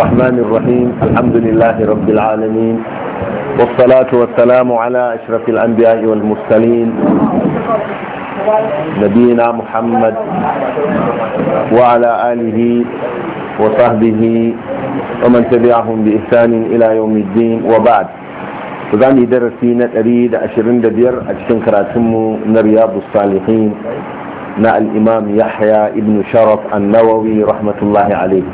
الرحمن الرحيم الحمد لله رب العالمين والصلاة والسلام على أشرف الأنبياء والمرسلين نبينا محمد وعلى آله وصحبه ومن تبعهم بإحسان إلى يوم الدين وبعد za mu yi darasi na 125 a cikin karatunmu na riyadu salihin na al'imam yahya ibn sharaf annawawi rahmatullahi alaihi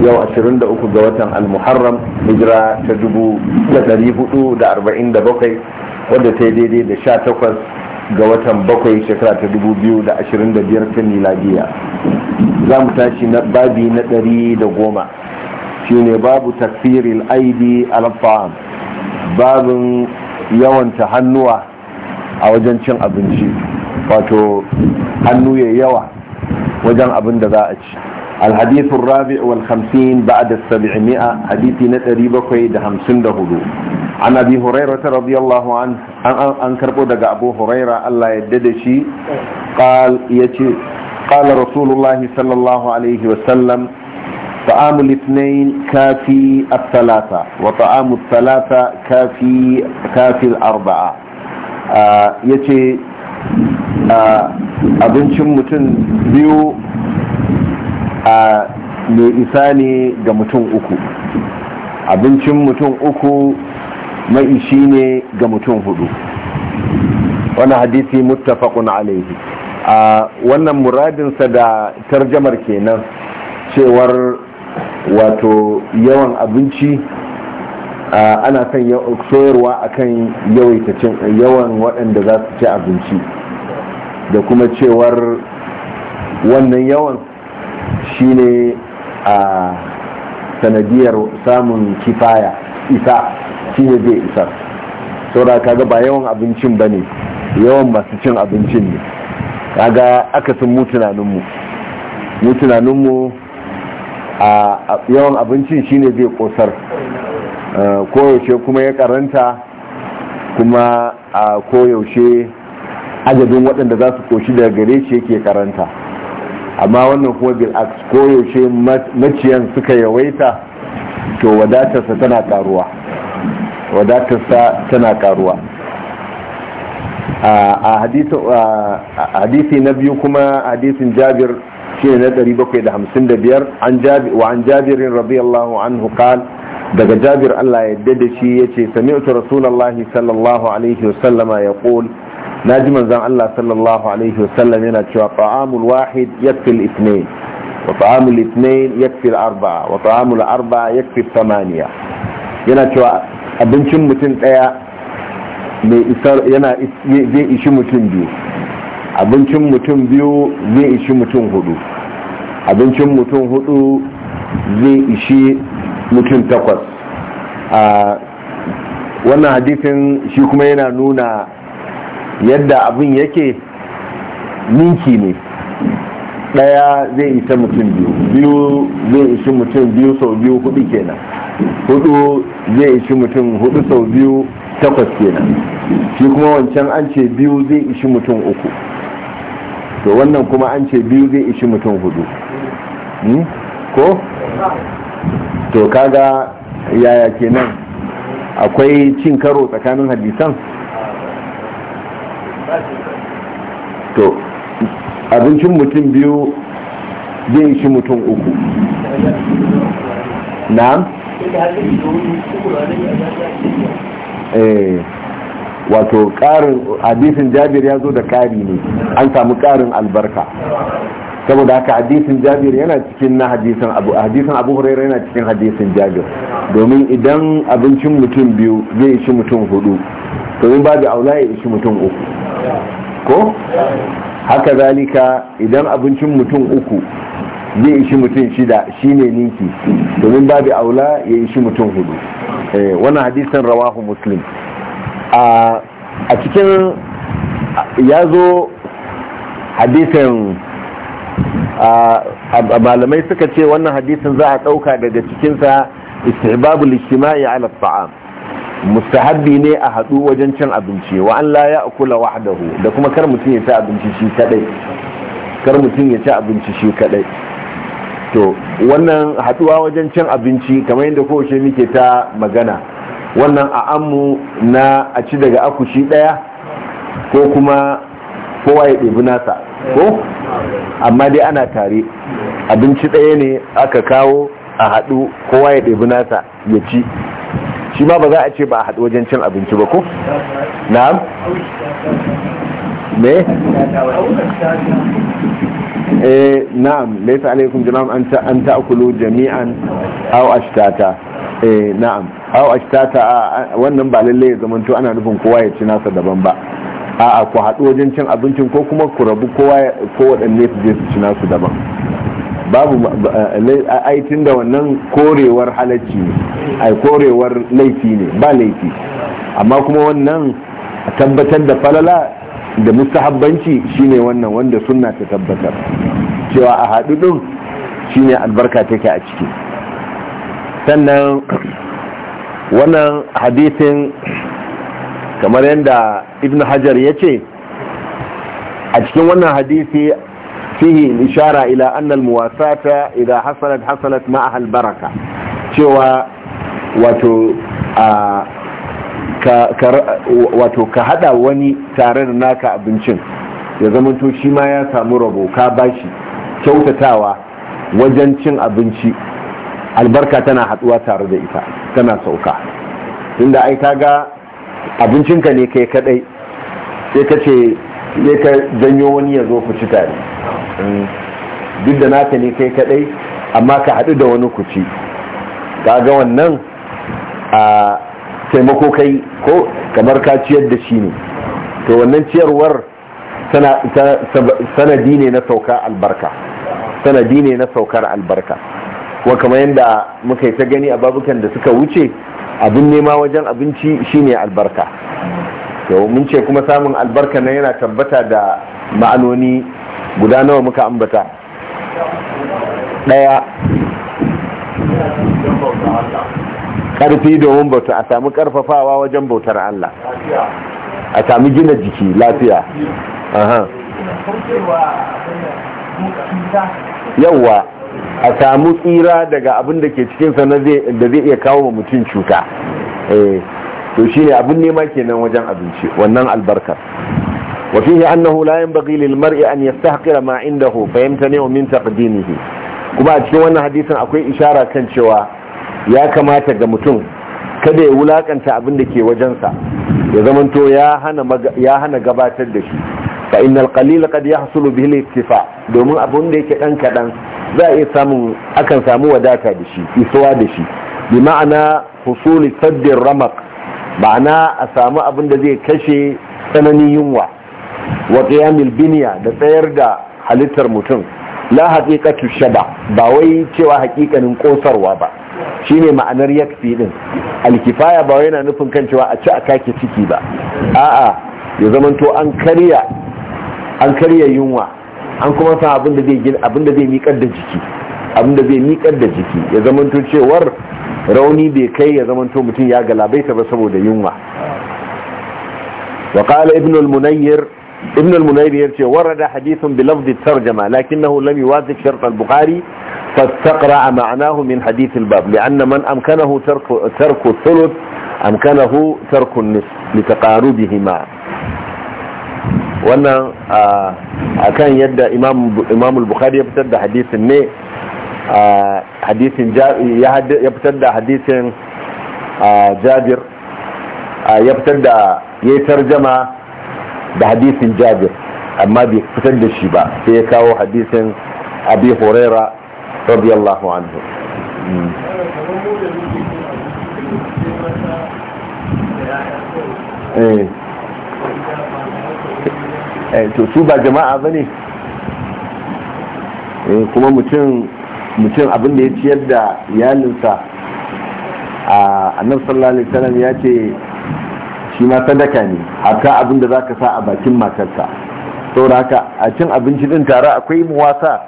yau 23 ga watan al-muharram hijira ta 447 wadda ta yi daidai da 18 ga watan bakwai shekara ta 2025 ta miladiya za mu tashi na babi na 110 shine babu tafsiril aidi al-fa'am babin yawanta hannuwa a wajen cin abinci wato hannu ya yawa wajen abin da za a ci alhadithun rabi' wal khamsin ba da sabi'imiya hadithi na ɗari bakwai da hamsin da hudu an abi huraira ta radiyallahu an an karɓo daga abu huraira allah ya dada shi ya ce قال رسول الله صلى الله عليه وسلم طعام الاثنين كافي الثلاثة وطعام الثلاثة كافي كافي الأربعة آه abincin mutum biyu a mai isa ne ga mutum uku abincin mutum uku mai ishi ne ga mutum hudu wani hadisi muttafaqun alaihi a wannan muradinsa da tarjamar kenan cewar wato yawan abinci ana son soyarwa akan yawaita cin yawan waɗanda za su ci abinci da kuma cewar wannan yawan shine a sanadiyar samun kifaya isa shine zai isa saura kaga ba yawan abincin ba ne yawan masu cin abincin ne kaga akasin mu tunaninmu mu a yawan abincin shine zai kosar koyaushe kuma ya karanta kuma a koyaushe ajabin waɗanda za su koshi daga gare shi yake karanta amma wannan kuma bil'aks koyaushe maciyan suka yawaita to wadatarsa tana karuwa wadatarsa tana karuwa a hadisi na biyu kuma hadisin jabir shi ne na 755 wa an jabirin Allah anhu qala daga jabir Allah ya yadda da shi ya ce wata rasulallah sallallahu alaihi wasallama ya na ji manzan Allah sallallahu alaihi wasallam yana cewa ta'amul wahid yakfi al-ithnain wa ta'amul ithnain yakfi al-arba'a wa ta'amul arba'a yakfi al-thamaniya yana cewa abincin mutum daya mai isar yana zai ishi mutum biyu abincin mutum biyu zai ishi mutum hudu abincin mutum hudu zai ishi mutum takwas a wannan hadisin shi kuma yana nuna yadda abin yake ninki ne daya zai isa mutum biyu biyu zai ishi mutum biyu sau biyu hudu kenan hudu zai ishi mutum hudu sau biyu takwas kenan shi kuma wancan an ce biyu zai ishi mutum uku to wannan kuma an ce biyu zai ishi mutum hudu hmm? ko to kaga yaya kenan akwai cin karo tsakanin hadisan to abincin mutum biyu zai shi mutum uku na'am eh, wato karin hadisin jabir ya zo da ƙari ne an samu karin albarka saboda haka hadisin jabir yana cikin na hadisin abu hadisin abu huraira yana cikin hadisin jabir domin idan abincin mutum biyu zai ishi mutum hudu to in babu aula ya ishi mutum uku ko haka zalika idan abincin mutum uku zai ishi mutum shida shine ninki domin babu aula ya ishi mutum hudu eh, wannan hadisin rawahu muslim a cikin ya zo hadisin A malamai suka ce wannan hadisin za a ɗauka daga cikinsa istihbabul ijtima'i ala ta'am mustahabbi ne a haɗu wajen cin abinci wa an la ya'kula wahdahu da kuma kar mutum ya ci abinci shi kadai kar mutum ya ci abinci shi kadai to wannan haɗuwa wajen cin abinci kamar yadda kowace muke ta magana wannan a ammu na a ci daga akushi ɗaya ko kuma kowa ya ɗebi nasa ko amma dai ana tare abinci ɗaya ne aka kawo a haɗu kowa ya ɗabi nasa ya ci shi ma ba za a ce ba a haɗu wajen cin abinci ba ko? na'am? me? eh na'am laisa alaikum jinam an ta an ta'kulu jami'an aw ashtata eh na'am aw ashtata wannan ba lalle ya zamanto ana nufin kowa ya ci nasa daban ba a'a ku haɗu wajen cin abincin ko kuma ku rabu kowaɗanne su je su ci nasu daban babu eh, aitin da wannan korewar halacci ne ai korewar laifi ne ba laifi amma kuma wannan tabbatar da falala da mustahabbanci shine wannan wanda sunna ta tabbatar cewa a haɗu ɗin shine albarka take a ciki sannan wannan hadisin kamar yadda ibn hajar ya ce a cikin wannan hadisi fihi ishara ila annal muwasata idan hasalat ma ma'ahal baraka cewa wato wato ka hada wani tare da naka abincin ya zamanto shi ma ya samu rabo ka bashi kyautatawa wajen cin abinci albarka tana haduwa tare da ita tana sauka tunda ai kaga abincinka ne kai kadai sai ka ce sai ka janyo wani ya zo ku tare mm. duk da naka ne kai kadai amma ka haɗu da wani kuci ci ga wannan a taimako kai ko kamar ka ciyar da shi ne to wannan ciyarwar sanadi ne na sauka albarka sanadi ne na saukar albarka kuma kamar yadda muka yi ta gani a babukan da suka wuce abin nema wajen abinci shine albarka yau mun ce kuma samun albarka na yana tabbata da ma'anoni guda nawa muka ambata daya karfi domin bauta a sami karfafawa wajen bautar Allah a sami gina jiki lafiya yauwa a samu tsira daga abin da ke cikinsa da zai iya kawo wa mutum cuta eh, to shi ne abin nema kenan wajen abinci wannan albarkar wafihi annahu la yanbaghi lil mar'i an haƙira ma inda indahu fahimta yamtani'u min taqdimihi kuma a cikin wannan hadisin akwai ishara kan cewa ya kamata ga mutum kada ya wulakanta abin da ke wajensa ya zamanto ya hana gabatar da shi fa innal qalil qad yahsulu bihi al-iktifa domin abun da yake dan kadan za a iya samun akan samu wadata da shi isuwa da shi bi ma'ana husuli saddin ramak ma'ana a samu abin da zai kashe tsananin yunwa wa qiyamil biniya da tsayar da halittar mutum la haqiqatu shaba ba wai cewa haƙiƙanin kosarwa ba shine ma'anar yakfi din alkifaya ba wai yana nufin kan cewa a ci a kake ciki ba a'a ya zamanto an karya an karya yunwa an kuma san abinda da zai abin da zai miƙar da jiki zai miƙar da jiki ya zamanto cewar rauni bai kai ya zamanto mutum ya galabaita ba saboda yunwa wa qala ibn al-munayyir ibn al-munayyir yace warada hadithun bi lafzi tarjama lakinnahu lam yuwafiq shart al-bukhari فاستقرأ معناه من حديث الباب لأن من أمكنه ترك, ترك الثلث أمكنه ترك النصف لتقاربهما wannan a kan yadda imamul bukhari ya fitar da hadisin ne ya fitar da hadisin jabir ya fitar da ya yi tarjama da hadisin jabir amma bai fitar da shi ba sai ya kawo hadisin abi horera radiyallahu anhu hmm. eh. Eh, to su ba jama'a ba ne eh, kuma mutum abin da ya ciyar da iyalinsa a annar sallallahu alaihi ya ce shi ma sadaka ne haka abin da ka sa a bakin matarka saboda haka a cin abinci din tare akwai muwasa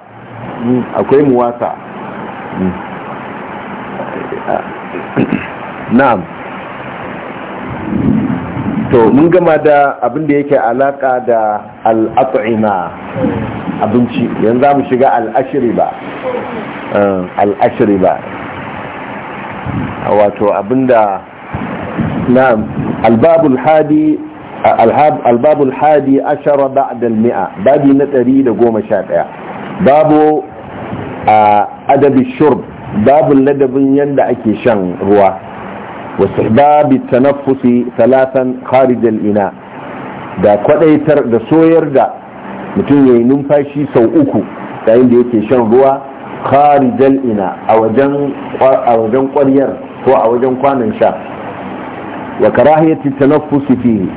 hmm, akwai muwasa hmm. na'am to mun gama da abin da yake alaka da al'at'ima abinci yanzu za mu shiga al'ashiri ba. Eh, wato da na albabul hadi albabul hadi ashara ba'da al-mi'a babi na 111 babu adabi shurb babu ladabin yanda ake shan ruwa واستحباب التنفس ثلاثا خارج الإناء دا كوديتر دا سوير دا متين يي نمفاشي سو uku yayin da yake shan ruwa kharijal ina a wajen a ko a wajen kwanan sha wa karahiyati tanaffusi fihi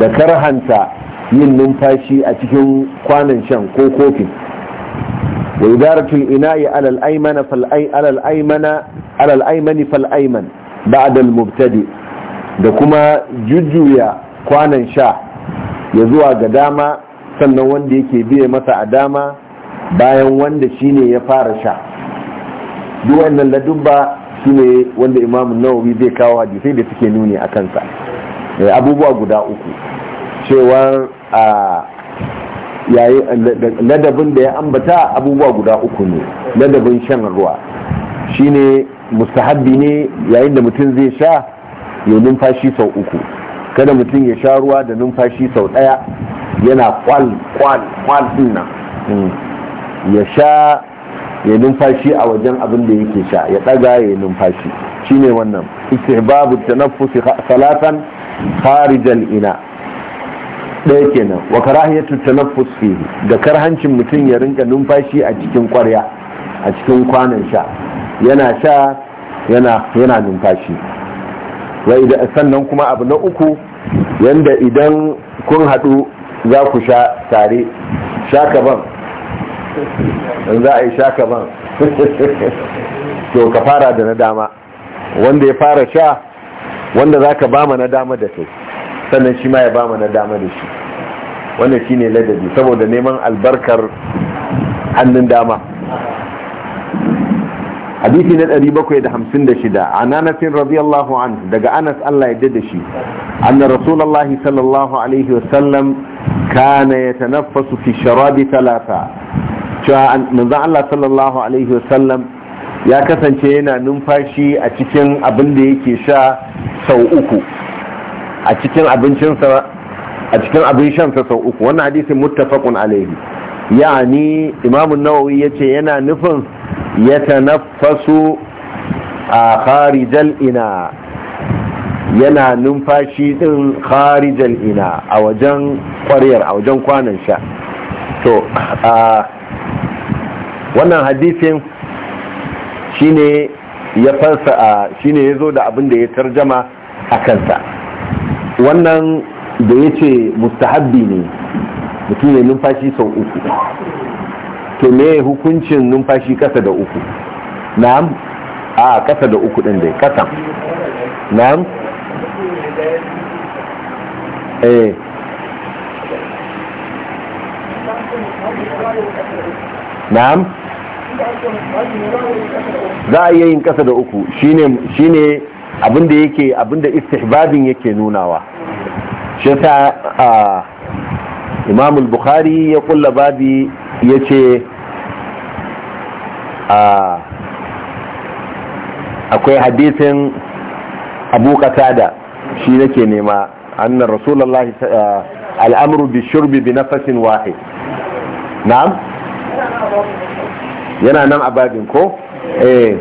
da karhanta yin numfashi a cikin kwanan shan ko kofin wa idaratul ina'i alal aymana fal ay alal ba'dal mubtadi da kuma jujjuya kwanan sha ya zuwa ga dama sannan wanda yake biye masa a dama bayan wanda shine ya fara sha duk wannan ladubba shine wanda imamu nawawi zai kawo hadisai da suke nuni a kansa eh, abubuwa guda uku cewar a ladabin da ya ambata abubuwa guda uku ne ladabin shan ruwa shine mustahabbi ne yayin da mutum zai sha ya numfashi sau uku kada mutum ya sha ruwa da numfashi sau ɗaya yana kwal kwal kwal nan hmm. ya sha ya numfashi a wajen abin da yake sha ya ɗaga ya numfashi shine wannan istihbabu tanaffus salatan kharij ina ɗaya kenan wa karahiyatu tanaffus fihi da karhancin mutum ya rinka numfashi a cikin kwarya a cikin kwanan sha yana sha yana yana numfashi sannan kuma abu na uku yanda idan kun haɗu za ku sha tare ban, in za a yi ban, to ka fara da na dama wanda ya fara sha wanda za ka ba na dama da kai sannan shi ma ya ba na dama da shi shi shine ladabi saboda neman albarkar hannun dama hadisi na 756 an Anas radiyallahu an daga Anas Allah ya da shi anna rasulullahi sallallahu alaihi wasallam kana yatanaffasu fi sharabi thalatha cewa manzo Allah sallallahu alaihi wasallam ya kasance yana numfashi a cikin abin da yake sha sau uku a cikin abincinsa a cikin abin shansa sau uku wannan hadisin muttafaqun alaihi ya'ani imamu nawawi yace yana nufin yatanaffasu a kharijal ina yana numfashi din kharijal ina a wajen kwaryar a wajen kwanan sha to a wannan hadisin shine ya fansa shine yazo da abin da ya tarjama a kansa wannan da yace mustahabbi ne mutum ne numfashi sau uku to me hukuncin numfashi kasa da uku na'am a kasa da uku din dai kasa na'am eh na'am za a yin kasa da uku shine abinda yake abinda istihbabin yake nunawa shi ta imam al-bukhari ya kulla babi ya ce akwai hadisin abu da shi nake nema annan rasulallah eh, al’amuru bi shirbi bi fashin wahid na'am yana nan a babin ko eh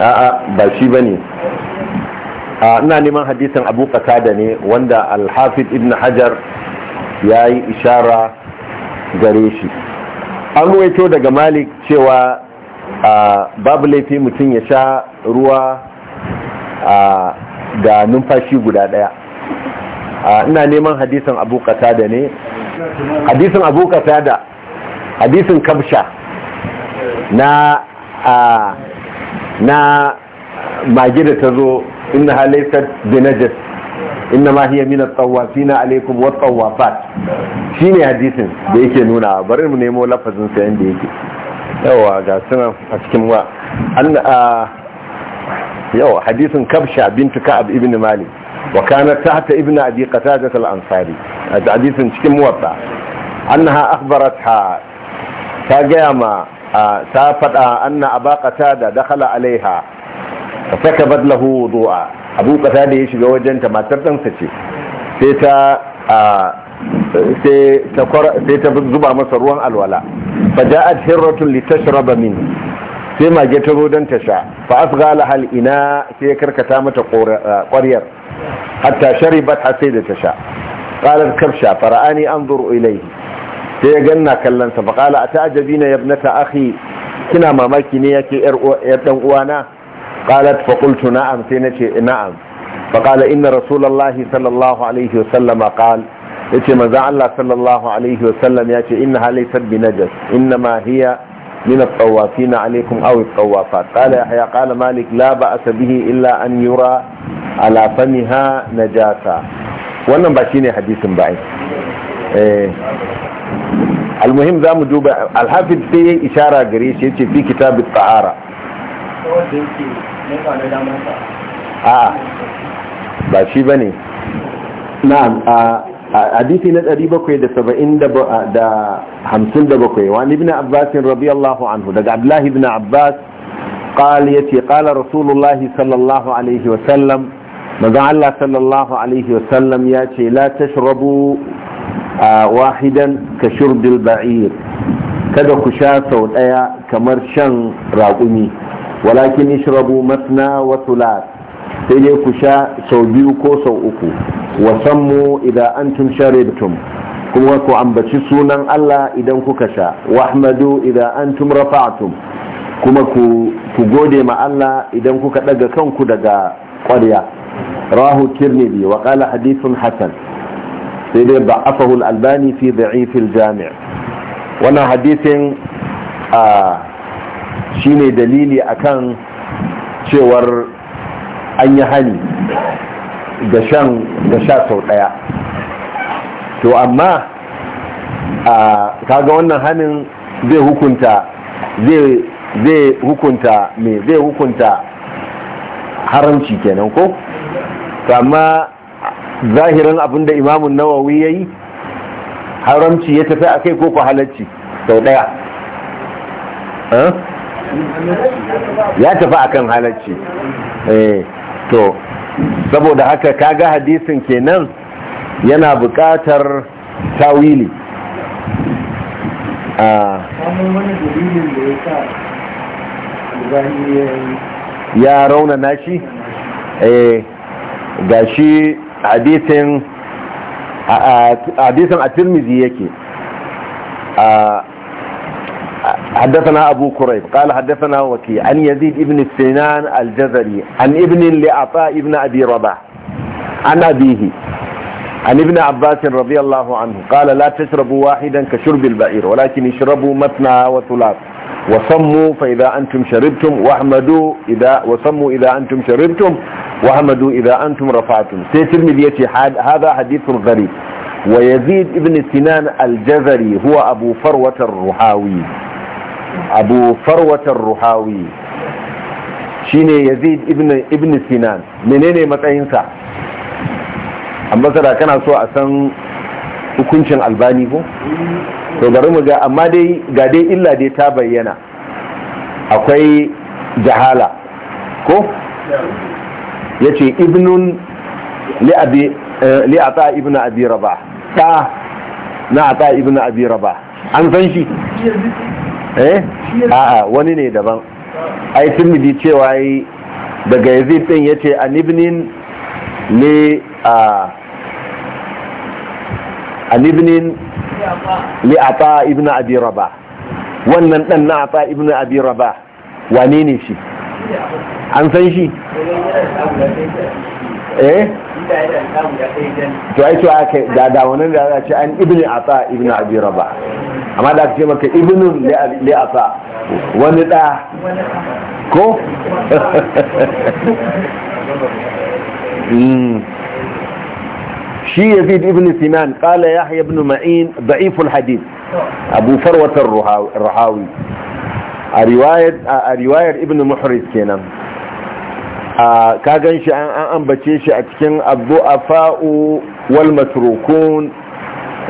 a'a ba shi bane ah, ina neman hadisin abu da ne wanda alhafi ibn hajar ya yi ishara gare shi an waito daga malik cewa babu laifi mutum ya sha ruwa da numfashi guda daya ina neman hadisin abu da ne hadisin abu da hadisin kamsha na na mage da ta zo inna halittar binajas inna ma hiya min at-tawafina alaykum wa tawafat shine hadisin da yake nuna bari mu nemo lafazin sa yanda yake yawa ga sunan a cikin wa an yawa hadisin kabsha bintu ka'ab ibn malik wa kanat tahta ibn abi qatada al-ansari hadisin cikin muwatta annaha ha ta gaya ma ta faɗa anna aba da dakhala alaiha fasakabat lahu wudu'a abu kasa da ya shiga wajen ta matar ɗansa ce sai ta sai ta zuba masa ruwan alwala fa ja'at hirratun li tashraba min sai mage ta zo don ta sha fa asga hal ina sai ya karkata mata ƙwaryar hatta sharibat har sai da ta sha qalat kabsha fara'ani anzuru ilayhi sai ya ganna kallon sa fa qala ata'jabina ya ibnata akhi kina mamaki ne yake yar dan uwana qalat fa qultu na'am sai nace na'am fa qala inna rasulullahi sallallahu alaihi wasallam qal yace manzo Allah sallallahu alaihi wasallam yace inna halaysat bi najas inna ma hiya من الطوافين عليكم أو الطوافات قال يحيى قال مالك لا بأس به إلا أن يرى على فمها نجاسة wannan ba shine hadisin ba ai eh almuhim zamu duba alhafiz sai ya ishara gare shi yace fi kitabin at a ba shi ba ne na'am a hadisi na 757 wani ibn abbas radiyallahu anhu daga abdullahi ibn abbas قال يتي قال رسول الله صلى الله عليه وسلم ماذا الله صلى الله عليه وسلم ياتي لا تشربوا واحدا كشرب البعير kada ku sha sau ɗaya kamar shan raƙumi walakin ishrabu masna wa thulat sai dai ku sha sau biyu ko sau uku wa sammu idan antum sharibtum kuma ku ambaci sunan Allah idan kuka sha wa ahmadu idan antum rafa'tum kuma ku gode ma Allah idan kuka daga kanku daga ƙwarya rahu tirmidhi wa qala hadithun hasan sai dai da'afahu al-albani fi da'if al-jami' wannan hadisin a ah, shine dalili akan cewar an yi hani ga shan ga sha sau daya to amma kaga wannan hanin zai hukunta zai hukunta me zai hukunta haramci kenan ko amma zahirin abinda imamun nawawi ya yi haramci ya tafi a kai ko halarci sau daya eh? ya tafi a akan halacci eh, to saboda haka kaga hadisin kenan yana buƙatar tawili a ah. ya rauna nashi eh, ga shi hadisin a ah, ah, tirmizi yake a حدثنا أبو كريب قال حدثنا وكي عن يزيد بن السنان الجزري عن ابن لعطاء ابن أبي رباح عن أبيه عن ابن عباس رضي الله عنه قال لا تشربوا واحدا كشرب البعير ولكن اشربوا مثنى وثلاث وصموا فإذا أنتم شربتم واحمدوا إذا وصموا إذا أنتم شربتم واحمدوا إذا أنتم رفعتم سيترمذي هذا حديث غريب ويزيد ابن سنان الجزري هو أبو فروة الرحاوي abu farwatar ruhawi shine yazid ibn sinan menene matsayinsa ambasada kana so a san hukuncin albani ko to bari mu ga amma dai ga dai illa dai ta bayyana akwai jahala ko yace ibnun li eh, ata ibn abi ta na ibn abi an san shi eh a'a wani ne daban ai midi cewa yi daga yazid din ce an ibnin ne a an ibnin li ata ibn abi rabah wannan dan na ata ibn abi rabah wane ne shi an san shi eh to ai to da da wannan da za ce an ibn asa ibn abi rabah amma da aka ce maka ibnun li ata wani da ko hmm. shi yazid ibn sinan qala yahya ibn ma'in da'if al-hadith abu farwat ar-rahawi a riwayar ibn muhriz kenan ka gan shi an ambace shi a cikin abu abdu'afa'u wal matrukun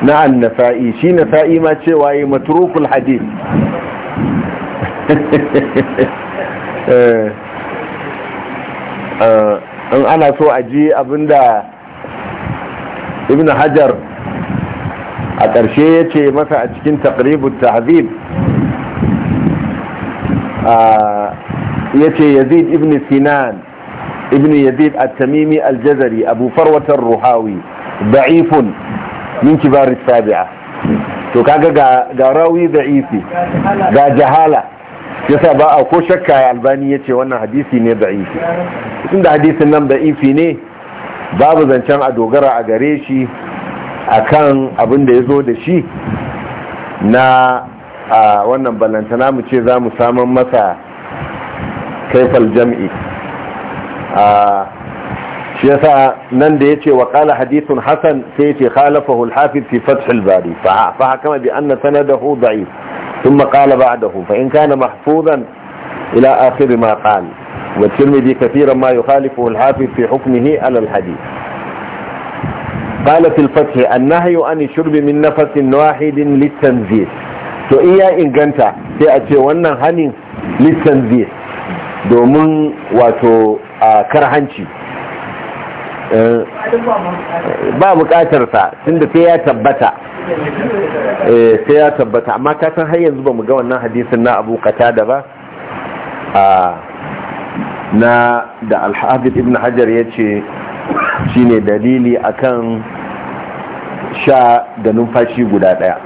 na annafa'i shi sa’i ma cewa yi matrukul hadith eh, eh, in ana so a ji abinda ibn hajar a ƙarshe ya ce masa a cikin taqribut tahzib ya ce yazid ibn sinan ibn yazid at-tamimi al-jazari abu farwatar ruhawi da'ifun min kibar sabi'a to kaga ga ga rawi ga jahala yasa ba a ko shakka albani yace wannan hadisi ne da'ifi tunda hadisin nan da'ifi ne babu zancen a dogara a gare shi akan abin da ya zo da shi na a wannan balantana mu ce za mu saman masa kaifar jam'i shi yasa nan da yace wa qala hadithun hasan sai yace khalafahu al-hafiz fi fath al-bari fa hakama bi anna sanadahu da'if thumma qala ba'dahu fa in kana mahfuzan ila akhir ma qala wa tirmidhi kathiran ma yukhalifu al-hafiz fi hukmihi ala al-hadith قال في الفتح النهي عن الشرب من نفس واحد للتنزيل to iya inganta sai a ce wannan hanin littanzir domin wato a karhanci eh, ba bukatarsa tun da sai ya tabbata eh, sai ya tabbata amma ka san har yanzu ba mu ga wannan hadisin na abu da ba na da alhafiz ibn hajar ya ce shi ne dalili akan sha da numfashi guda daya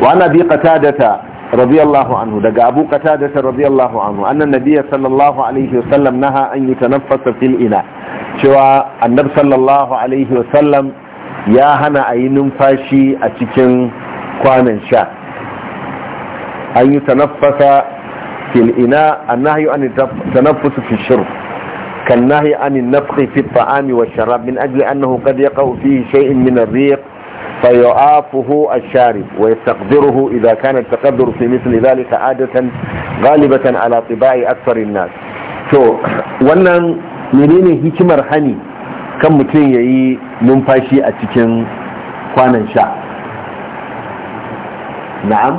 wa na bi ta. radiyallahu anhu daga abu qatada radiyallahu anhu annan nabiyyi sallallahu alaihi wasallam naha an yutanaffasa fil ina cewa annab sallallahu alaihi wasallam ya hana a yi numfashi a cikin kwanan sha an yi tanaffasa fil ina annahi an tanaffusu fi shurb kan nahi an nafsi fi ta'ami wa sharab min ajli annahu qad yaqa'u fihi shay'in min ar-riq فيعافه الشارب ويستقدره إذا كان التقدر في مثل ذلك عادة غالبة على طباع أكثر الناس to wannan menene hikimar hani kan mutum ya yi numfashi a cikin kwanan sha na'am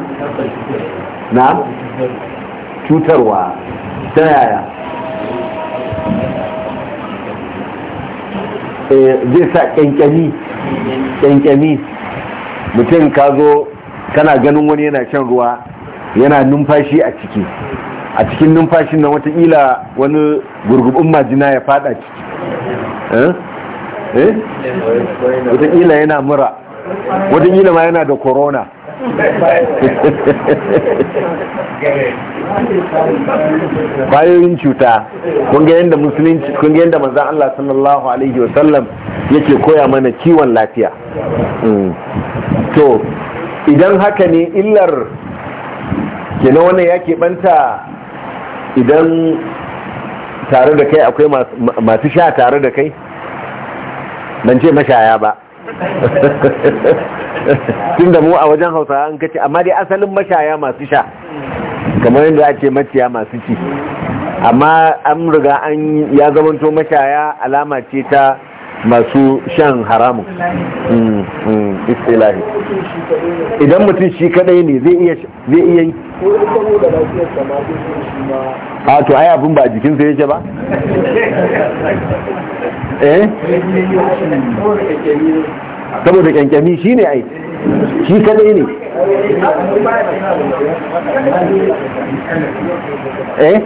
na'am cutarwa ta yaya eh, zai sa kyankyami mutum ka zo kana ganin wani yana shan ruwa yana numfashi a ciki a cikin numfashin nan watakila wani gurgubin majina ya fada ciki eh? eh? watakila yana mura watakila ma yana da korona. kwayoyin cuta kun ga yadda musulunci kun yadda maza Allah sallallahu alaihi wasallam yake koya mana kiwon lafiya mm. to idan haka ne illar kenan wannan ya keɓanta idan tare da kai akwai masu sha tare da kai ban ce mashaya ba tun da mu a wajen hausawa an kace amma dai asalin mashaya masu sha kamar yadda ake maciya masu ci amma an riga an ya zamanto mashaya alama ce ta masu shan haramun mm, mm, istilahi idan mutum shi kadai ne zai iya yi a to ai abin ba sai yake ba eh saboda kyankyami shi ne aiki shi kadai ne eh, eh.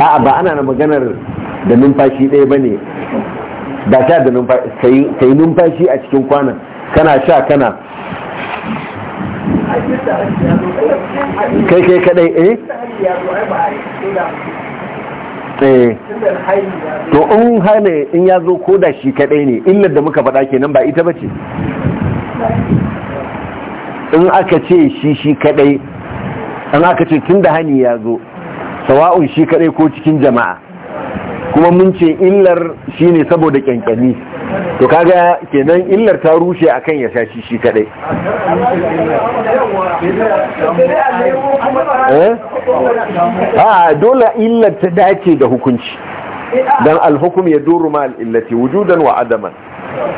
a'a ba ana na maganar da numfashi ɗaya ba ne ba ta da numfashi numfashi a cikin kwanan kana sha kana kai kai kadai eh? eh to in hane in ya zo ko da shi kadai ne illar da muka faɗa kenan ba ita bace in aka ce shi shi kadai in aka ce tun da hani ya zo sawa'un shi kadai ko cikin jama'a kuma mun ce illar shi ne saboda kyankyani to kaga kenan illar ta rushe akan ya shashi shi kadai eh? a ah, dole illar ta dace da hukunci dan alhukum ya duru ma al-illati wujudan wa adaman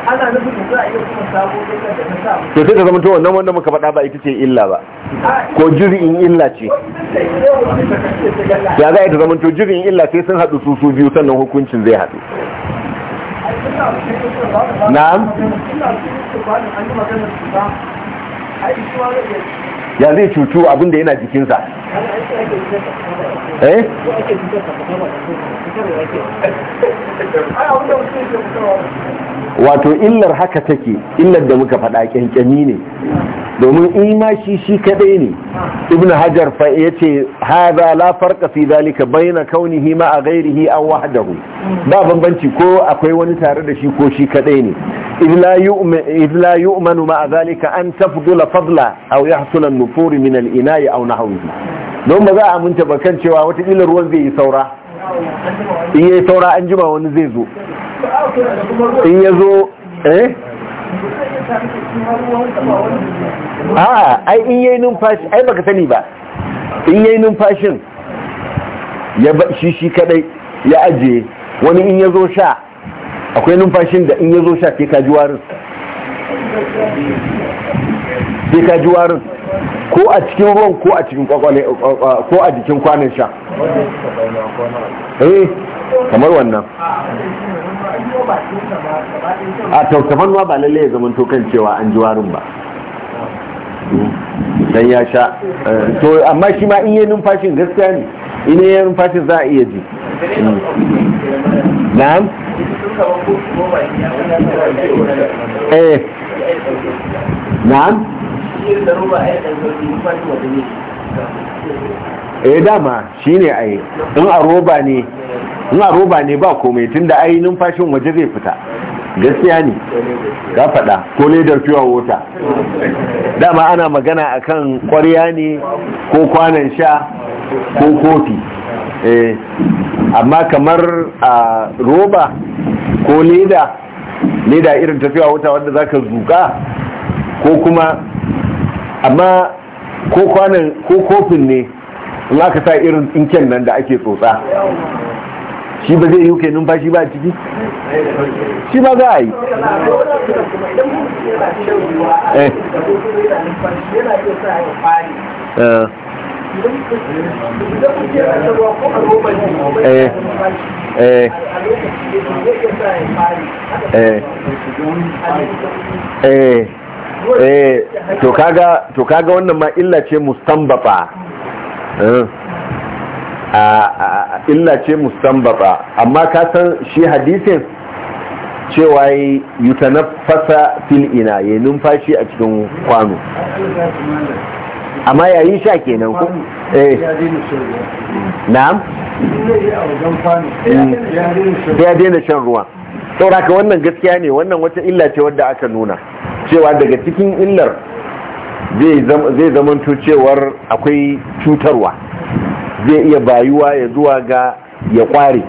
ana nufin da za a iya kuma sabo da ta samu to sai ka zama wannan wanda muka faɗa ba ita ce illa ba ko jiri'in illa ce ya za a ta zama jiri'in illa sai sun haɗu su su biyu sannan hukuncin zai haɗu na'am ya zai cutu abinda yana jikinsa Eh? wato illar haka take illar da muka faɗa kyankyami ne domin imashi shi kadai ne ibn hajar fa yace haza la farqa fi zalika bayna kaunihi ma ghairihi aw wahdahu ba bambanci ko akwai wani tare da shi ko shi kadai ne idh la yu'manu ma zalika an tafdula fadla aw yahsula an-nufur min al-ina'i aw nahwihi don ba za a aminta ba kan cewa watakila ruwan zai yi saura in yi saura an jima wani zai zo in ya zo eh ah ai in yi numfashi ai baka sani ba in yi numfashin ya ba shi shi kadai ya ajiye wani in ya zo sha akwai numfashin da in ya zo sha sai ka warin sai ka ji warin ko a cikin ruwan ko a cikin kwakwale ko a jikin kwanan sha eh kamar wannan a tausafan ma ba lalle ya to kan cewa an ji warin ba dan ya sha eh, to amma shi ma in yi numfashin gaskiya ne in yi numfashin za a iya ji na'am eh na'am eh dama shine ai in a roba ne in a roba ne ba komai tunda ai numfashin waje zai fita gaskiya ne ga faɗa ko ledar pure water dama ana magana akan kwarya ne ko kwanan sha ko kofi eh amma kamar a roba ko leda irin tafiya wuta wanda zaka zuka ko kuma amma ko kwanan ko kofin ne za ka sa irin tsinken nan da ake tsotsa shi ba zai yi ke numfashi ba a ciki shi ba za a yi eh eh eh, eh. eh. eh. eh to kaga to kaga wannan ma illa ce mustanbata eh. a illa ce mustanbata amma ka san shi hadisin cewa yi yutanaffasa fil ina ya numfashi a cikin kwano amma yayin sha kenan ku? eh na'am mm. ya daina shan ruwa sauraka wannan gaskiya ne wannan wata illa ce wadda aka nuna cewa daga cikin illar zai zamanto cewar akwai cutarwa zai iya bayuwa ya zuwa ga ya kware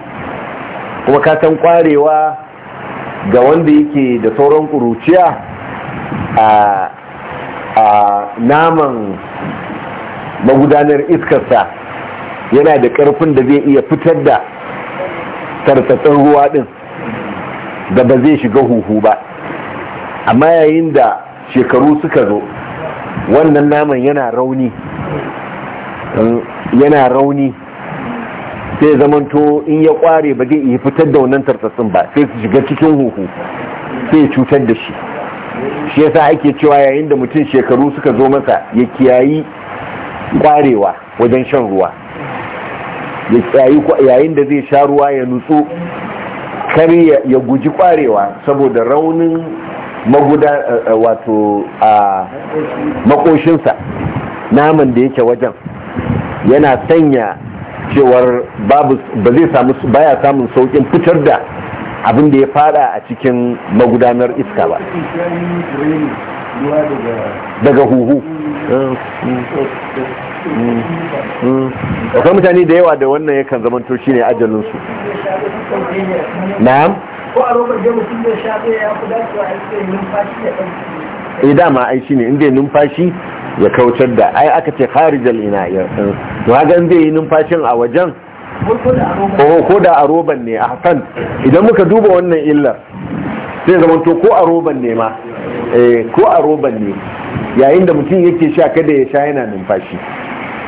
kuma ka san kwarewa ga wanda yake da sauran kuruciya a naman magudanar iskarsa yana da karfin da zai iya fitar da tartatsan ruwa din da ba zai shiga huhu ba amma yayin da shekaru suka zo wannan naman yana rauni yana rauni sai zamanto in ya kware ba zai iya fitar da wannan tartasin ba sai su shiga cikin huhu sai cutar da shi shi yasa ake cewa yayin da mutum shekaru suka zo masa ya kiyayi kwarewa wajen shan ruwa yayin da zai sha ruwa ya nutsu kar ya guji kwarewa saboda raunin maguda eh, eh, wato a makoshinsa naman da yake wajen yana sanya cewar babu ba zai samu baya samun saukin fitar da abin da ya fada a cikin magudanar iska ba daga huhu akwai mutane da yawa da wannan yakan zamanto shine ajalinsu na'am ko a robar yau mutum zai sha ɗaya ya fi dacewa a cikin numfashi ya ɗauki eh dama ai ne. in zai numfashi ya kautar da ai aka ce kharijal ina ya eh, to ga in zai yi numfashin a wajen ko da a roban ne a hasan idan muka duba wannan illar sai zama to ko a roban ne ma eh, ko a roban ne yayin da mutum yake sha kada ya sha yana numfashi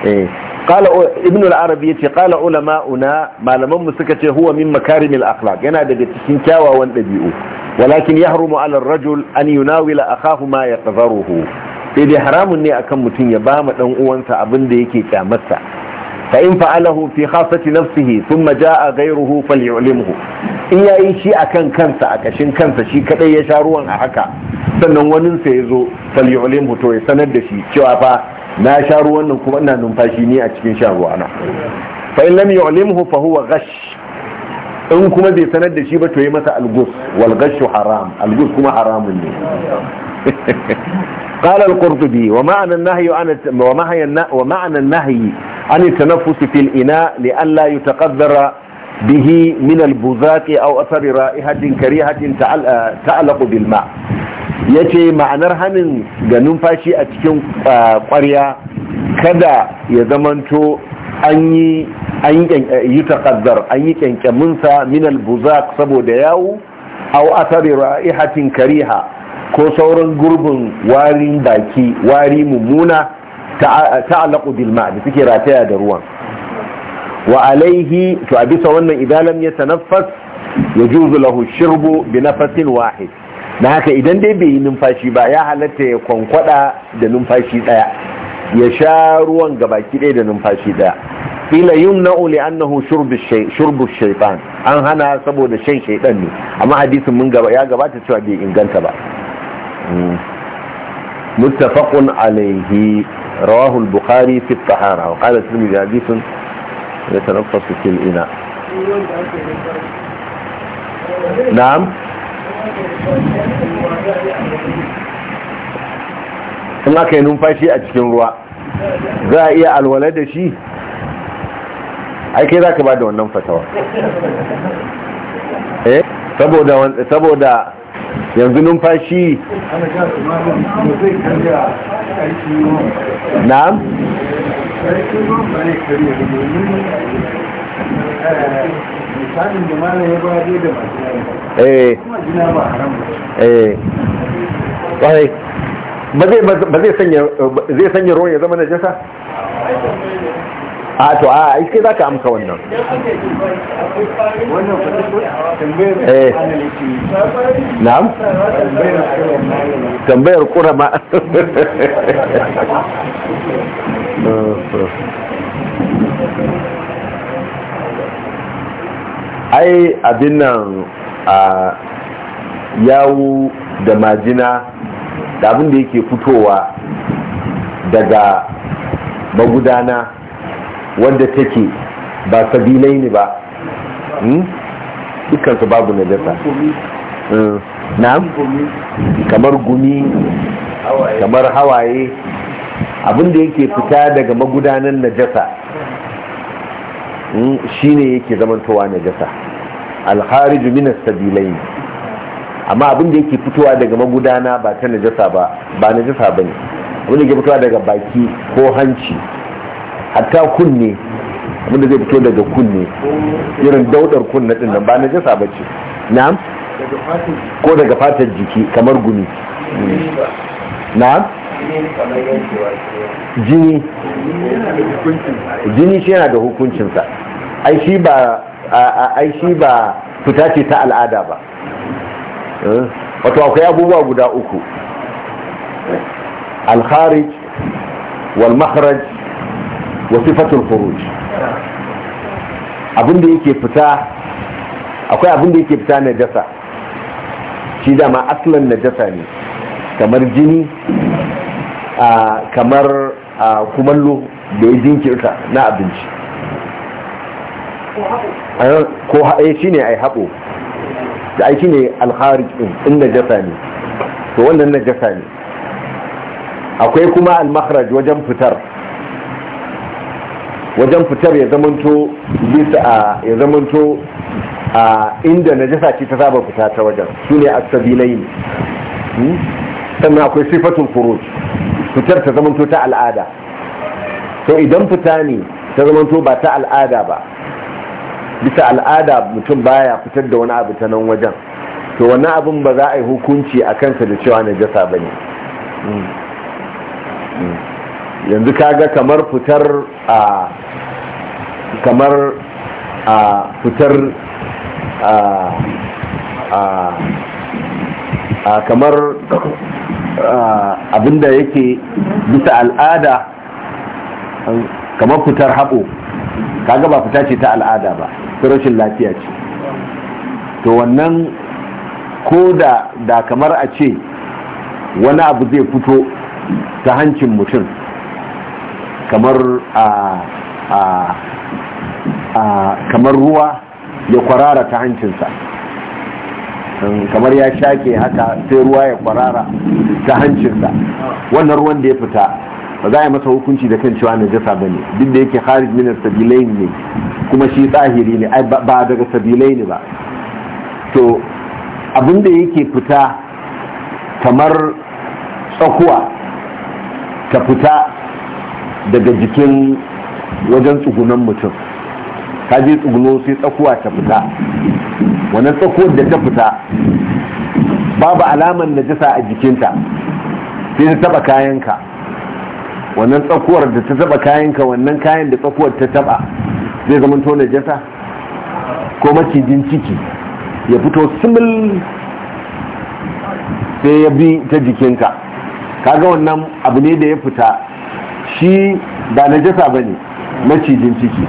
eh. qala ibn al-arabi yace qala ulama'una malaman mu suka ce huwa min makarimil akhlaq yana daga cikin kyawawan dabi'u walakin yahrumu 'ala ar-rajul an a kahuma ya yaqdaruhu sai dai haramun ne akan mutum ya bama dan uwansa abin da yake kyamarsa fa in fa'alahu fi khafati nafsihi thumma jaa ghayruhu falyu'limhu in yayi shi akan kansa a kashin kansa shi kadai ya sha ruwan a haka sannan waninsa ya zo falyu'limhu to ya sanar da shi cewa fa na sha ruwan nan kuma ina numfashi ne a cikin sha ruwa na fa in lam yu'limhu fa huwa ghash in kuma bai sanar da shi ba to yi masa algus wal ghash haram algus kuma haram ne qala al-qurtubi wa wa wa an-nahyi an an-nahyi an النهي fi al-ina li an la الإناء bihi min al-buzati aw athari ra'ihatin karihatin ta'alaqu bil ma' ya ce ma'anar hannun ga numfashi a cikin kwarya kada ya zamanto an yi yi taƙaddar an yi kyankyaminsa minal buzak saboda yawo au asari ra'ihatin kariha ko sauran gurbin warin baki wari mummuna ta'alaƙu bilma da suke rataya da ruwan wa alaihi to a bisa wannan idalam ya tanaffas ya juzu lahu shirbu bi nafasin wahid na haka idan dai bai yi numfashi ba ya halatta ya kwankwada da numfashi daya ya sha ruwan gabaki daya da numfashi daya ila yin na'u annahu shurbu shaitan an hana saboda shan shaitan ne amma hadisin mun gaba ya gabata cewa bai inganta ba hmm. muttafaqun alaihi rawahu al-bukhari fi tahara wa qala tirmidhi hadithun yatanaffasu fil ina na'am in aka yi numfashi a cikin ruwa za a iya alwala da shi aike za ka ba da wannan fatawa eh saboda yanzu numfashi amma misalin ya eh. eh. ba zai sanya zai ya zama na jasa, a to a iske za ka amsa wannan eh. tambayar kura ma ai abin nan a yawo da majina da abin da yake fitowa daga magudana wadda take ba sabilai ne ba hmm? dukansu babu na jasa hmm. na kamar gumi kamar hawaye abin da yake fita daga magudanan na jasa, najasa hmm, shine yake zamantowa na jasa. alhariju min sabilain amma abin da yake fitowa daga magudana ba ta najasa ba ba najasa bane abin da yake fitowa daga baki ko hanci hatta kunne abin da zai fito daga kunne irin daudar kunne din nan ba najasa bace na'am ko daga fatar jiki kamar gumi na'am jini jini shi yana da hukuncinsa ai shi ba ai shi ba fita ce ta al'ada ba eh? wato akwai abubuwa guda uku alkharij wal makharaj wa sifatul khuruj abinda yake fita akwai abinda yake fita na jasa shi dama aslan na jasa ne kamar jini kamar kumallo da ya jinkirta na abinci ko haɗe eh, shi ne a yi haɓo da aiki ne alharic ɗin inda jasa ne to wannan na jasa ne akwai kuma almakaraj wajen fitar wajen fitar ya zamanto ya zamanto a inda jasa ce ta saba fita ta wajen su ne sabilai ne hmm? sannan akwai sifatun furoj fitar ta zamanto ta al'ada to idan fita ne ta zamanto ba ta al'ada ba bisa al'ada mutum baya fitar da wani abu ta nan wajen to wani abin ba za a yi hukunci a kansa da cewa najasa ba ne yanzu kaga kamar fitar a kamar a fitar a kamar abinda yake bisa al'ada kamar fitar haɓo kaga ba fita ce ta al'ada ba ta rashin lafiya ce to wannan ko da da kamar a ce wani abu zai fito ta hancin mutum kamar a kamar ruwa ya kwarara ta hancinsa kamar ya shake haka sai ruwa ya kwarara ta hancinsa wannan ruwan da ya fita ba za a yi masa hukunci da kan cewa najasa ba ne duk da yake kharij min sabilain ne kuma shi tsahiri ne ai ba daga sabilai ne ba to abin da yake fita kamar tsakuwa ta fita daga jikin wajen tsugunan mutum ka je tsuguno sai tsakuwa ta fita wannan tsakuwar da ta fita babu alamar najasa a jikinta sai ta taba kayanka wannan tsakuwar da ta taba kayanka wannan kayan da tsakuwar ta taba zai zama tona jasa ko macijin ciki ya fito simil sai ya bi ta jikinka kaga wannan abu ne da ya fita shi ba na jasa ba ne macijin ciki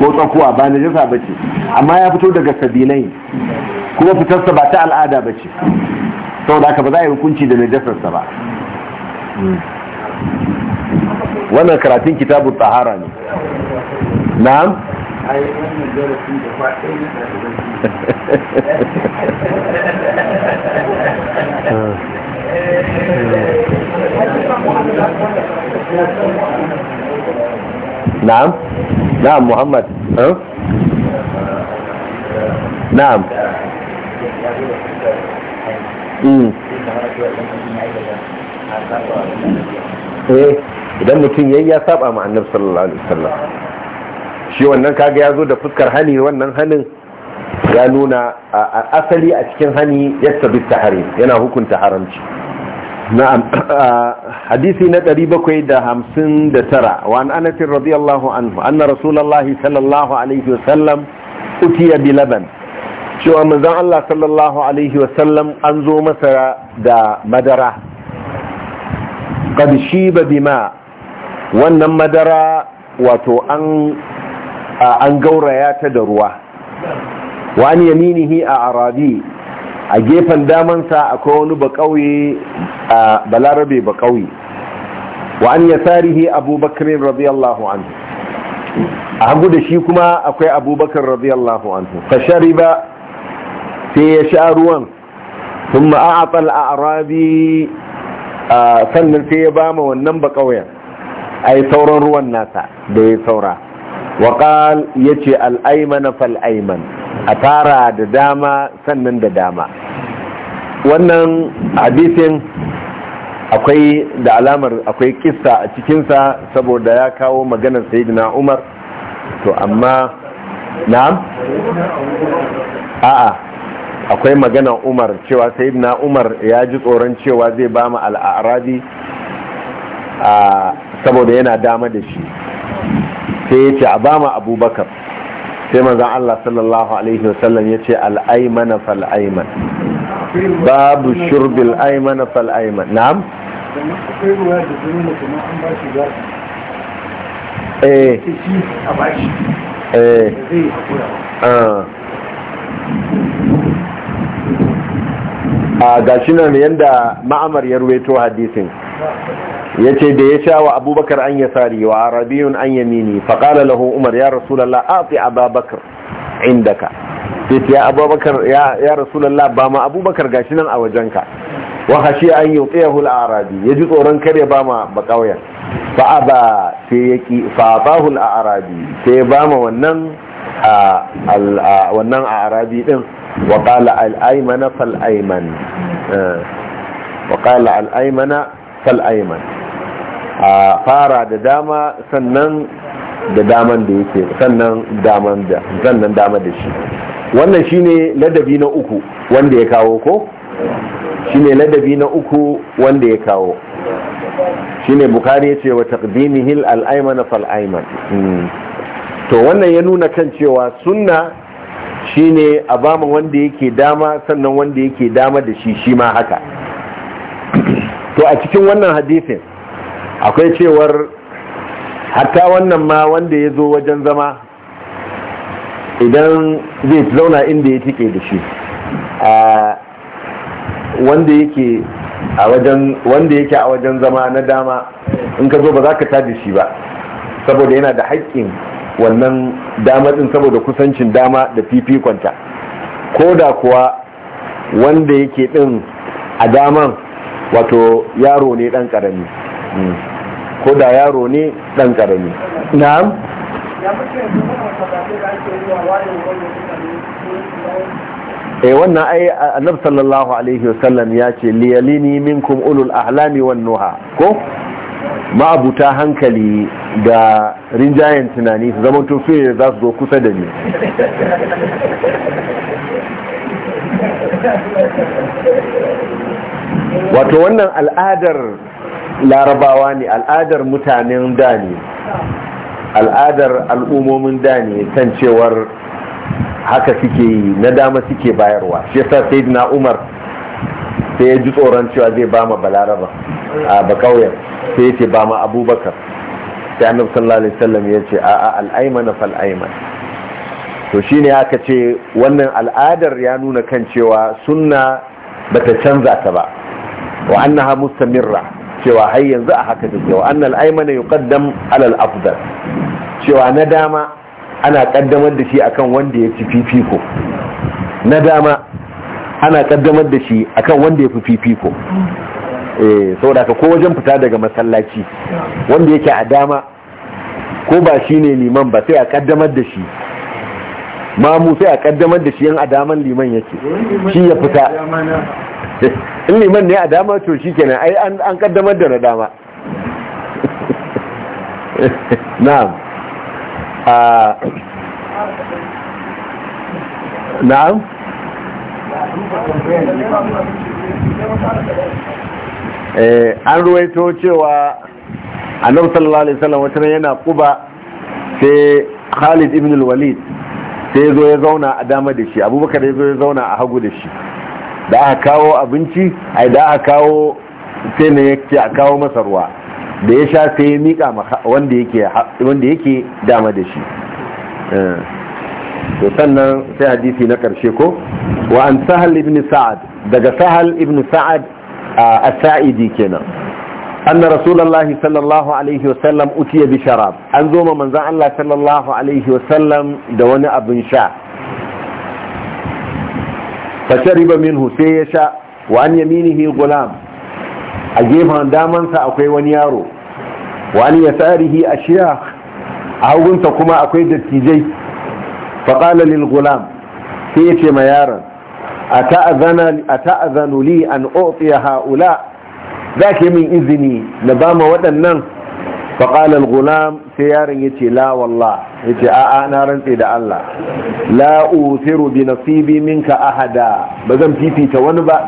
ko tsakuwa ba na jasa ba ce amma ya fito daga sabinai kuma fitarsa ba ta al'ada ba ce saboda haka ba za a yi hukunci da jasarsa ba hmm. wannan karatun kitabu tsahara ne na'am na'am na'am muhammad na'am eh idan mutum yayi ya saba ma annabi sallallahu alaihi wasallam shi wannan kaga ya zo da fuskar hani wannan hanin ya nuna a asali a cikin hani yadda bi tahari yana hukunta haramci na'am hadisi na 759 wa an anas radiyallahu anhu anna rasulullahi sallallahu alaihi wasallam utiya bi laban cewa manzon Allah sallallahu alaihi wasallam an zo masa da madara qad shiba bima wannan madara wato an an gauraya ta da ruwa wani yaminihi a arabi a gefen damansa akwai wani bakauye a balarabe bakauye wani yasarihi abubakarin radiyallahu anhu a hagu da shi kuma akwai abubakar radiyallahu anhu fashari ba sai ya sha ruwan sun ma'a'atsal a arabi sannan sai ya bama wannan bakawayen ai sauran ruwan nasa da ya saura waƙal ya ce al'aimana fal'aiman a tara da dama sannan da dama wannan hadisin akwai da alamar akwai kissa a cikinsa saboda ya kawo maganar sayidina umar to amma na'am a'a akwai maganar umar cewa sayidina umar ya ji tsoron cewa zai ba mu al'arabi a saboda yana dama da shi sai ya ce a bama abubakar sai manzan Allah sallallahu alaihi wasallam ya ce al'aimana fal'aiman babu shurbil aimana fal'aiman na'am eh. eh. a ah. ah, gashi nan yadda ma'amar ya ruwaito hadisin yace da ya sha wa abubakar an yasari wa arabiyun an yamini faqala lahu umar ya rasulullah a'ti ababakar indaka sai ya Ababakar ya ya rasulullah ba ma abubakar gashi nan a wajenka wa hashi an yutiyahu al-arabi yaji tsoron kare ba ma ba kauyen fa aba sai yaki fa abahu al-arabi sai ba ma wannan wannan arabi din wa qala al fal'aiman. Eh. wa qala al-aymana a fara da dama sannan da daman da yake sannan daman da sannan dama da shi wannan shine ladabi na uku wanda ya kawo ko shine ladabi na uku wanda ya kawo shine bukari ya ce wa taqdimihil al-ayman fal ayman hmm. to wannan ya nuna kan cewa sunna shine a bama wanda yake dama sannan wanda yake dama da shi shi ma haka to a cikin wannan hadisin akwai cewar hatta wannan ma wanda ya zo wajen zama idan zai zauna inda ya tike da shi wanda yake a wajen a wajen zama na dama in ka zo ba za ka tada shi ba saboda yana da haƙƙin wannan dama din saboda kusancin dama da fifikonta ko da kuwa wanda yake din a daman wato yaro ne dan karami hmm. ko da yaro ne dan karami na'am eh wannan ai annab sallallahu alaihi wasallam ya ce liyalini minkum ulul ahlami wan nuha ko ma'abuta hankali da rinjayen tunani su zama da za su zo kusa da ni wato wannan al'adar larabawa ne al'adar mutanen da ne al'adar al'ummomin da ne kan cewar haka suke yi na dama suke bayarwa shi yasa na umar sai ya ji tsoron cewa zai ba ma balaraba a bakauyen sai ya ce ba ma abubakar sai annabi sallallahu alaihi wasallam ya ce a'a al'aima na fal'aima. to shi ne aka ce wannan al'adar ya nuna kan cewa sunna bata canza ta ba wa annaha mustamirra cewa har yanzu a haka take wa annal aymana yuqaddam ala al afdal cewa na dama ana kaddamar da shi akan wanda ya ci fifiko na dama ana kaddamar da shi akan wanda ya fi fifiko eh saboda ko wajen fita daga masallaci wanda yake a dama ko ba shine liman ba sai a kaddamar da shi mamu sai a kaddamar da shi yan a daman liman yake shi ya fita in liman ne a dama to shi kenan ai an kaddamar da na dama na'am na'am eh, an ruwaito cewa annabi sallallahu alaihi wasallam wata yana kuba sai Khalid ibn al-Walid sai zo ya zauna a dama da shi Abubakar ya zo ya zauna a hagu da shi da aka kawo abinci ai da aka kawo sai ne yake a kawo masa ruwa da ya sha sai ya mika wanda yake wanda yake dama da shi eh. to sannan sai hadisi na karshe ko wa an sahal ibn sa'ad daga sahal ibn sa'ad as-sa'idi kenan anna rasulullahi sallallahu alaihi wa sallam utiya bi sharab an zo ma manzon Allah sallallahu alaihi wa sallam da wani abin sha fashariba minhu sai ya sha wa an minihi, gulam a gefen damansa akwai wani yaro wa an yasarihi ashiyakh a hagunsa kuma akwai dattijai faƙalalin gulam sai ya ce ma yaron a ta'azanuli an utiya haula zaka min izini na bama waɗannan فقال الغلام سيارن يتي لا والله يتي انا رنتي ده الله لا اوثر بنصيبي منك احدا بزن فيفيتا وني با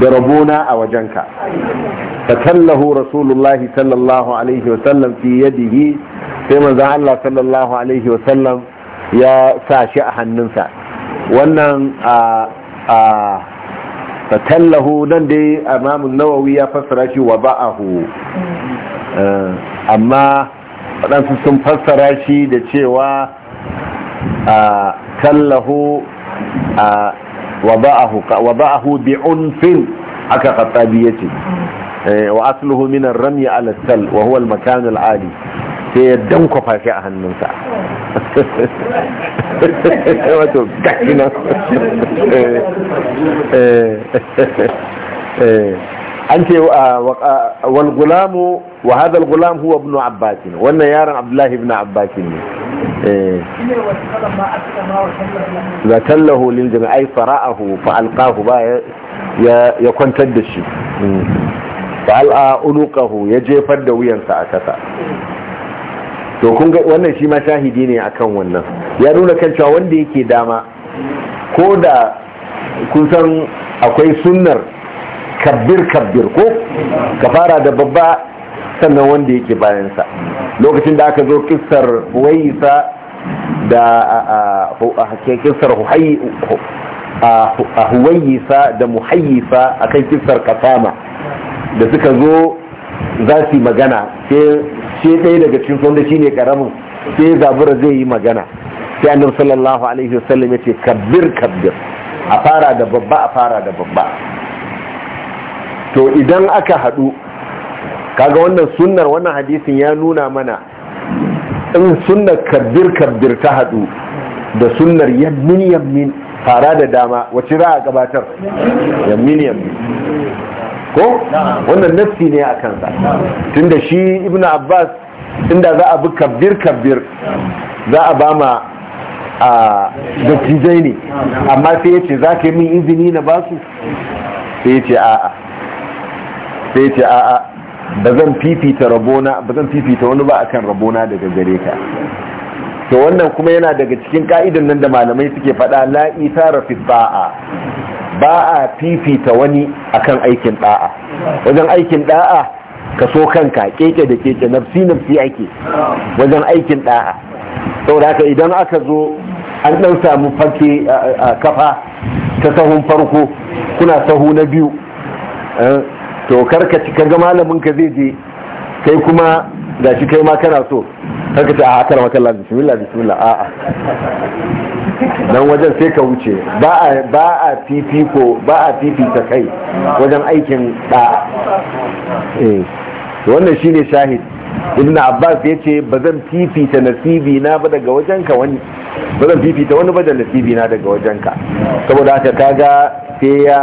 da rabona a wajenka fatallahu rasulullahi sallallahu alaihi wasallam fi yadihi sai manzon Allah sallallahu alaihi wasallam ya sa shi a hannunsa wannan a fatallahu nan dai imamu nawawi ya fassara shi wa ba'ahu Eh, amma waɗansu sun fassara shi da cewa a kallahu a bi'unfin aka kattabi ya ce eh, wa asluhu minan rami alastal wa huwa al ali sai ya dankwafa shi a hannunsa wato gashi an ce ah, ah, wal gulamu wa hadha al gulam huwa ibn abbas wannan yaron abdullahi ibn abbas ne eh kallahu lil jami'i fara'ahu fa alqahu ba ya kwantar da shi hmm. fa al'a unuqahu ya jefar da wuyansa a kasa to kun ga wannan shi ma shahidi ne akan wannan ya nuna kan cewa wanda yake dama ko da kun san akwai sunnar kabbir kabbir ko ka fara da babba sannan wanda yake bayansa lokacin da aka zo kissar waisa da kissar huwaisa da muhayyisa a kan kissar kasama da suka zo za su magana sai ɗaya daga cikin wanda shine karamin sai zabura zai yi magana sai annabi sallallahu alaihi wasallam ya ce kabbir kabbir a fara da babba a fara da babba to idan aka haɗu kaga wannan sunnar wannan hadisin ya nuna mana in sunnar kabbir kabbir ta haɗu da sunnar yammin yammin fara da dama wacce za a gabatar yammin yammin ko wannan nassi ne a kansa tunda shi Ibn abbas inda za a bi kabbir kabbir za a ba ma a dattijai ne amma sai ya ce za ka yi min izini na basu sai ya ce a'a sai ce a'a ba zan fifita rabona ba zan fifita wani ba akan rabona daga gare ka to wannan kuma yana daga cikin ka'idan nan da malamai suke faɗa la isara fi ba'a ba a fifita wani akan aikin da'a wajen aikin da'a ka so kanka keke da keke nafsi nafsi ake wajen aikin da'a saboda haka idan aka zo an dan samu fake kafa ta sahun farko kuna sahu na biyu eh, to karka ci kaga malamin ka zai je kai kuma da shi kai ma kana so karka ce a haka rama kallon bismillah bismillah a a nan wajen sai ka wuce ba a ko ba a fifita kai wajen aikin eh wannan shi ne shahid ibn abbas ya ce ba zan fifita nasibi na ba daga wajen ka wani ba zan fifita wani ba da nasibi na daga wajen ka. saboda haka kaga sai ya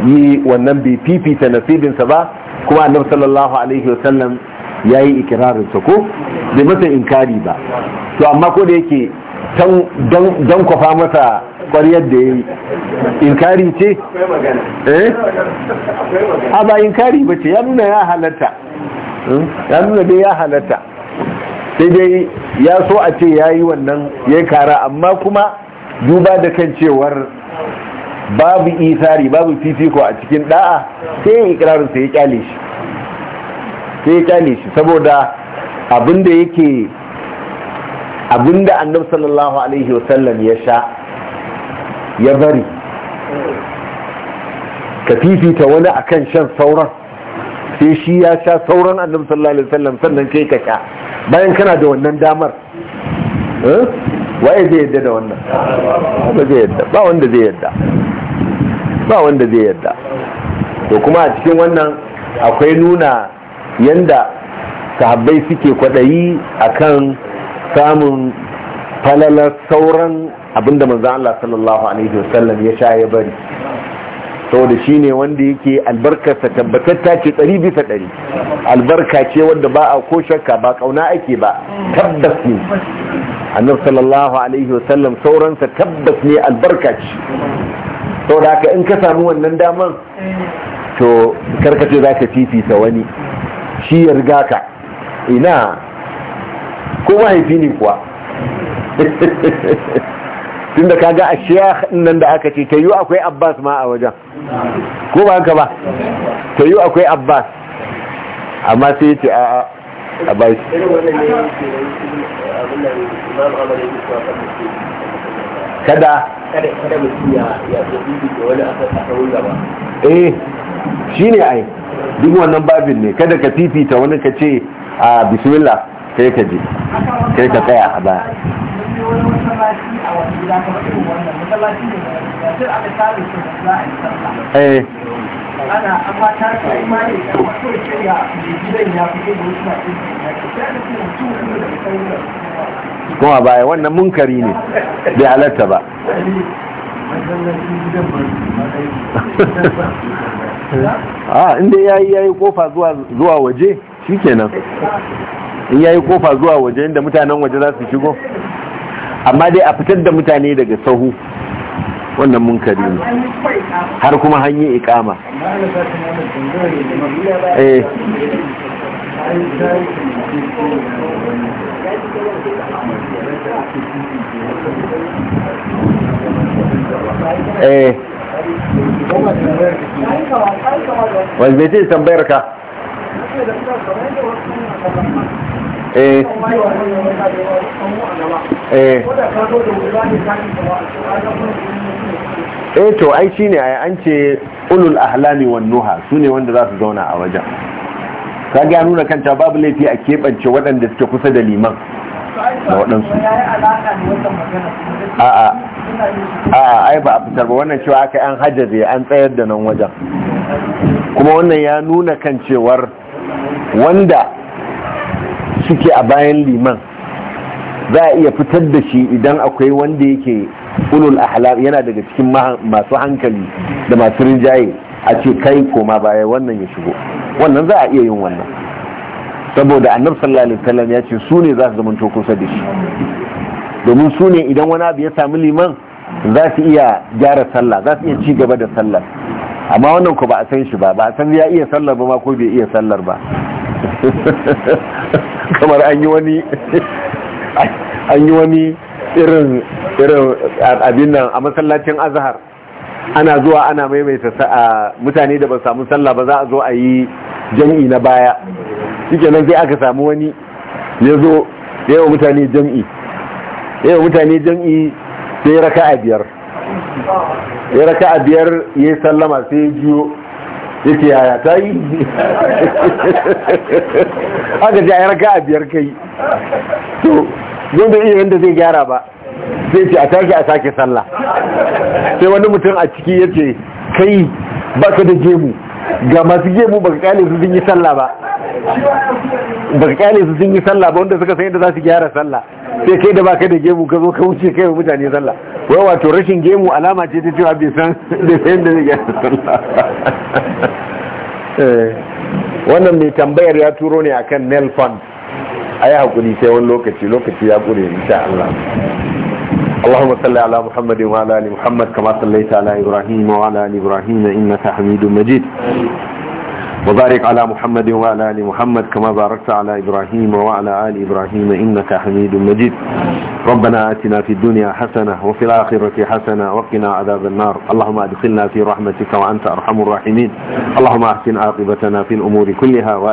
yi wannan bai fifita nasibinsa ba kuma annabi sallallahu alaihi wasallam ya yi ikirarinsa ko bai masa inkari ba to amma ko da yake don kwafa masa kwariyar da ya yi inkari ce? eh? a ba inkari ba ce ya nuna ya halatta hmm? ya nuna dai ya halatta sai dai ya so a ce ya yi wannan ya kara amma kuma duba da kan cewar babu isari babu fifiko a cikin da'a sai yin ikirarin sai ya kyale shi sai ya kyale shi saboda abinda yake abinda annabi sallallahu alaihi wasallam ya sha ya bari ka fifita wani akan shan sauran sai shi ya sha sauran annabi sallallahu alaihi wasallam sannan kai ka sha bayan kana da wannan damar eh? waye zai yadda da wannan ba zai yadda ba wanda zai yadda ba wanda zai yarda to kuma a cikin wannan akwai nuna yanda sahabbai suke kwaɗayi akan samun falalar sauran abinda manzo Allah sallallahu Alaihi wasallam ya sha ya bari saboda shi ne wanda yake albarkarsa ta ce ɗari bisa ɗari albarka ce wanda ba a ko shakka ba ƙauna ake ba tabbas ne annabi sallallahu alaihi wasallam sauransa tabbas ne albarka ce sau da haka in ka samu wannan daman to karkace za ka fifita wani shi ya riga ka ina ko mahaifi ne kuwa tun da kaga a shiya nan da aka ce ta yi akwai abbas ma a wajen ko ba haka ba ta yi akwai abbas amma sai ce a a kada kada kada mutum ya ya da wani a eh shine ai duk wannan babin ne kada ka fifita wani ka ce a ah, bismillah kai ka je kai ka tsaya a baya eh kuma baya wannan munkari ne bai halatta ba a ah, inda yayi yayi kofa zuwa zuwa waje shikenan in yayi kofa zuwa waje inda mutanen waje za su shigo amma dai a fitar da mutane daga sahu wannan munkari ne har kuma hanyar ikama eh eh wani mai ce tambayar ka eh. eh eh to ai shine an ce ulul ahlami wannuha, su sune wanda za su zauna a wajen kaga ya nuna kanta babu laifi a keɓance waɗanda suke kusa da liman da waɗansu a'a a ai ba a fitar ba wannan cewa aka an hajjaze an tsayar da nan wajen kuma wannan ya nuna kan cewar wanda suke a bayan liman za a iya fitar da shi idan akwai wanda yake ulul ahlak yana daga cikin masu hankali da masu rinjaye a ce kai koma baya wannan ya shigo wannan za a iya yin wannan saboda annabi sallallahu alaihi wasallam ya ce su ne za su zamanto kusa da shi domin su ne idan wani abu ya samu liman za su iya gyara sallah za su iya ci gaba da sallah amma wannan ku ba a san shi ba ba a san ya iya sallar ba ma ko bai iya sallar ba kamar an yi wani an yi wani irin abin nan a masallacin azhar ana zuwa ana maimaita mutane da ba samu sallah ba za a zo a yi jam'i na baya shike nan sai aka samu wani ya zo yawa mutane jam'i yawa mutane jam'i sai raka a biyar ya raka a biyar ya yi sallama sai ya jiyo ya ce yaya ta yi aka ce a raka a biyar kai to zai da iya yadda zai gyara ba sai ce a tashi a sake sallah sai wani mutum a ciki ya ce kai ka da gemu ga masu gemu ka kyale su sun yi sallah ba ka kyale su sun yi sallah ba wanda suka san yadda za su gyara sallah sai kai da ka da gemu ka zo ka wuce kai wa mutane sallah wai wato rashin gemu alama ce ta cewa bai san da sai da zai gyara sallah eh, wannan mai tambayar ya turo ne akan nail fund a yi haƙuri sai wani lokaci lokaci ya ƙure insha Allah اللهم صل على محمد وعلى ال محمد كما صليت على ابراهيم وعلى ال ابراهيم انك حميد مجيد وبارك على محمد وعلى ال محمد كما باركت على ابراهيم وعلى ال ابراهيم انك حميد مجيد ربنا اتنا في الدنيا حسنه وفي الاخره حسنه وقنا عذاب النار اللهم ادخلنا في رحمتك وانت ارحم الراحمين اللهم احسن عاقبتنا في الامور كلها